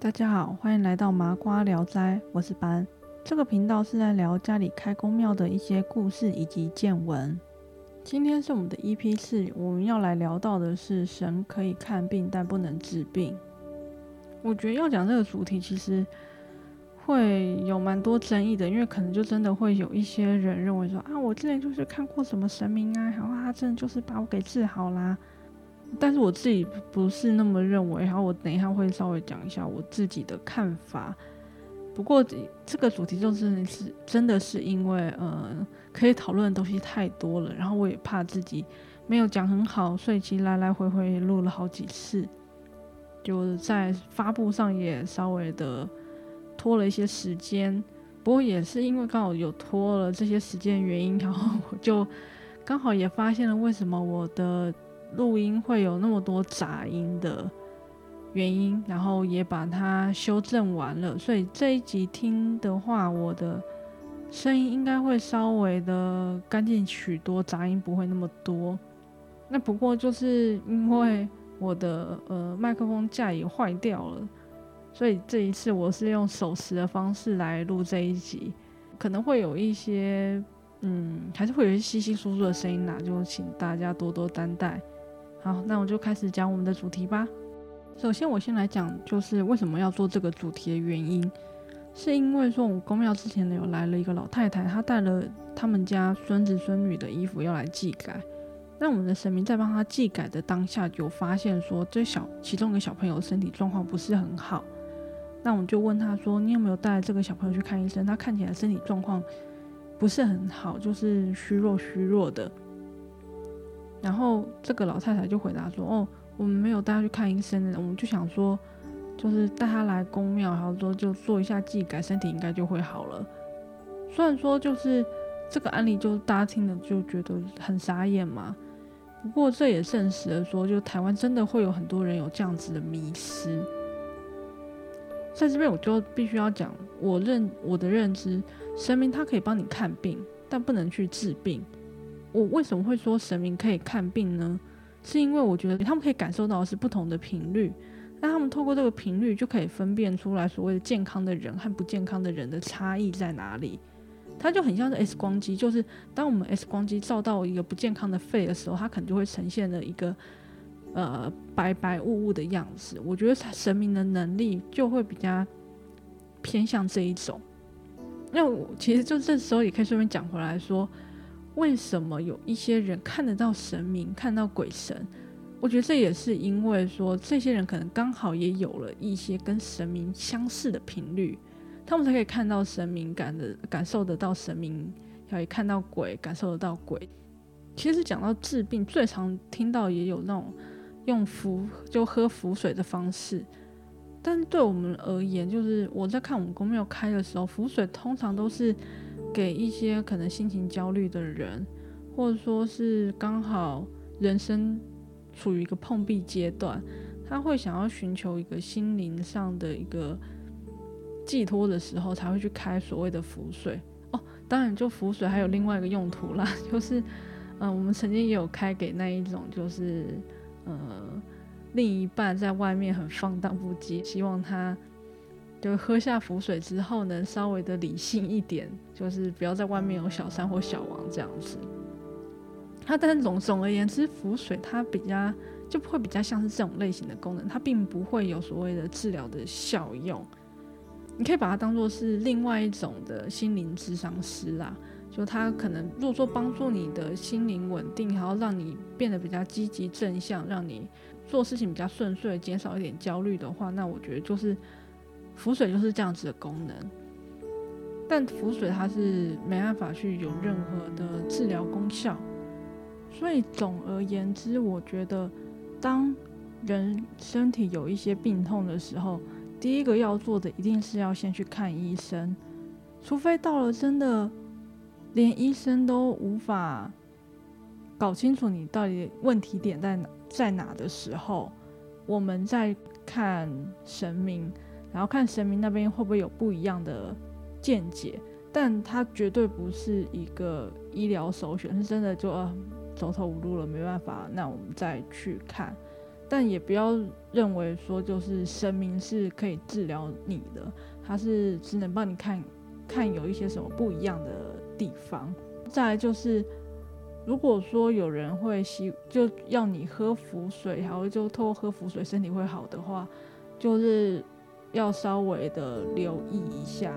大家好，歡迎來到麻瓜聊齋，我是班。這個頻道是在聊家裡開宮廟的一些故事以及見聞。今天是我們的 EP 四，我們要來聊到的是神可以看病，但不能治病。我覺得要講這個主題，其實會有蠻多爭議的，因為可能就真的會有一些人認為說啊，我之前就是看過什麼神明啊，然後、啊、他真的就是把我給治好啦。但是我自己不是那麼認為，然後我等一下會稍微講一下我自己的看法。不過這個主題就是是真的是因為，呃，可以討論的東西太多了，然後我也怕自己沒有講很好，所以其實來來回回錄了好幾次，就在發布上也稍微的拖了一些時間。不過也是因為剛好有拖了這些時間原因，然後我就剛好也發現了為什麼我的。錄音會有那麼多雜音的原因，然後也把它修正完了，所以這一集聽的話，我的聲音應該會稍微的乾淨許多，雜音不會那麼多。那不過就是因為我的、嗯、呃麥克風架也壞掉了，所以這一次我是用手持的方式來錄這一集，可能會有一些嗯，還是會有一些稀稀疏疏的聲音啦，就請大家多多擔待。好，那我就開始講我們的主題吧。首先，我先來講，就是為什麼要做這個主題的原因，是因為說我們宮廟之前有來了一個老太太，她帶了他們家孫子孫女的衣服要來祭改。那我們的神明在幫他祭改的當下，就發現說這小其中一個小朋友身體狀況不是很好。那我們就問他說：“你有沒有帶這個小朋友去看醫生？他看起來身體狀況不是很好，就是虛弱虛弱的。”然後這個老太太就回答說：“哦，我們沒有帶他去看醫生的，我們就想說，就是帶他來宮廟，然後說就做一下祭改，身體應該就會好了。雖然說就是這個案例，就大家聽了就覺得很傻眼嘛。不過這也證實了說，就台灣真的會有很多人有這樣子的迷失。在這邊，我就必須要講，我認我的認知，神明它可以幫你看病，但不能去治病。”我為什麼會說神明可以看病呢？是因為我覺得他們可以感受到的是不同的頻率，那他們透過這個頻率就可以分辨出來所謂的健康的人和不健康的人的差異在哪裡。它就很像是 X 光機，就是當我們 X 光機照到一個不健康的肺的時候，它可能就會呈現了一個呃白白霧霧的樣子。我覺得神明的能力就會比較偏向這一種。那我其實就這時候也可以順便講回來說。為什麼有一些人看得到神明、看到鬼神？我覺得這也是因為說，這些人可能剛好也有了一些跟神明相似的頻率，他們才可以看到神明，感的感受得到神明，可以看到鬼，感受得到鬼。其實講到治病，最常聽到也有那種用符，就喝符水的方式。但對我們而言，就是我在看我們宮廟開的時候，符水通常都是。給一些可能心情焦慮的人，或者說是剛好人生處於一個碰壁階段，他會想要尋求一個心靈上的一個寄托的時候，才會去開所謂的符水哦。當然，就符水還有另外一個用途啦，就是嗯、呃，我們曾經也有開給那一種，就是呃，另一半在外面很放蕩不羈，希望他。就喝下符水之後呢，能稍微的理性一點，就是不要在外面有小三或小王這樣子。它、啊、但是總總而言之，符水它比較就會比較像是這種類型的功能，它並不會有所謂的治療的效用。你可以把它當做是另外一種的心靈諮商師啦，就它可能如果說幫助你的心靈穩定，然後讓你變得比較積極正向，讓你做事情比較順遂，減少一點焦慮的話，那我覺得就是。符水就是這樣子的功能，但符水它是沒辦法去有任何的治療功效。所以總而言之，我覺得，當人身體有一些病痛的時候，第一個要做的一定是要先去看醫生，除非到了真的連醫生都無法搞清楚你到底問題點在哪，在哪的時候，我們再看神明。然後看神明那邊會不會有不一樣的見解，但他絕對不是一個醫療首選，是真的就啊，走投無路了，沒辦法，那我們再去看，但也不要認為說就是神明是可以治療你的，他是只能幫你看看有一些什麼不一樣的地方。再來就是，如果說有人會洗，就要你喝符水，然後就透過喝符水身體會好的話，就是。要稍微的留意一下，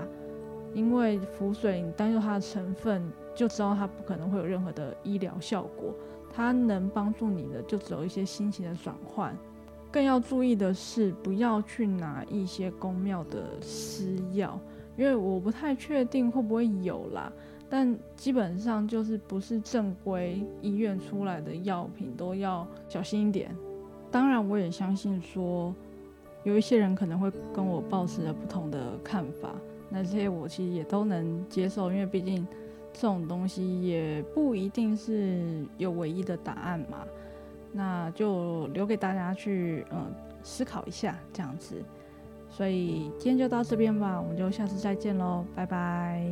因為符水，你單就它的成分就知道它不可能會有任何的醫療效果。它能幫助你的就只有一些心情的轉換。更要注意的是，不要去拿一些宮廟的私藥，因為我不太確定會不會有啦。但基本上就是不是正規醫院出來的藥品都要小心一點。當然，我也相信說。有一些人可能會跟我抱持着不同的看法，那這些我其實也都能接受，因為畢竟這種東西也不一定是有唯一的答案嘛，那就留給大家去嗯思考一下這樣子。所以今天就到這邊吧，我們就下次再見嘍，拜拜。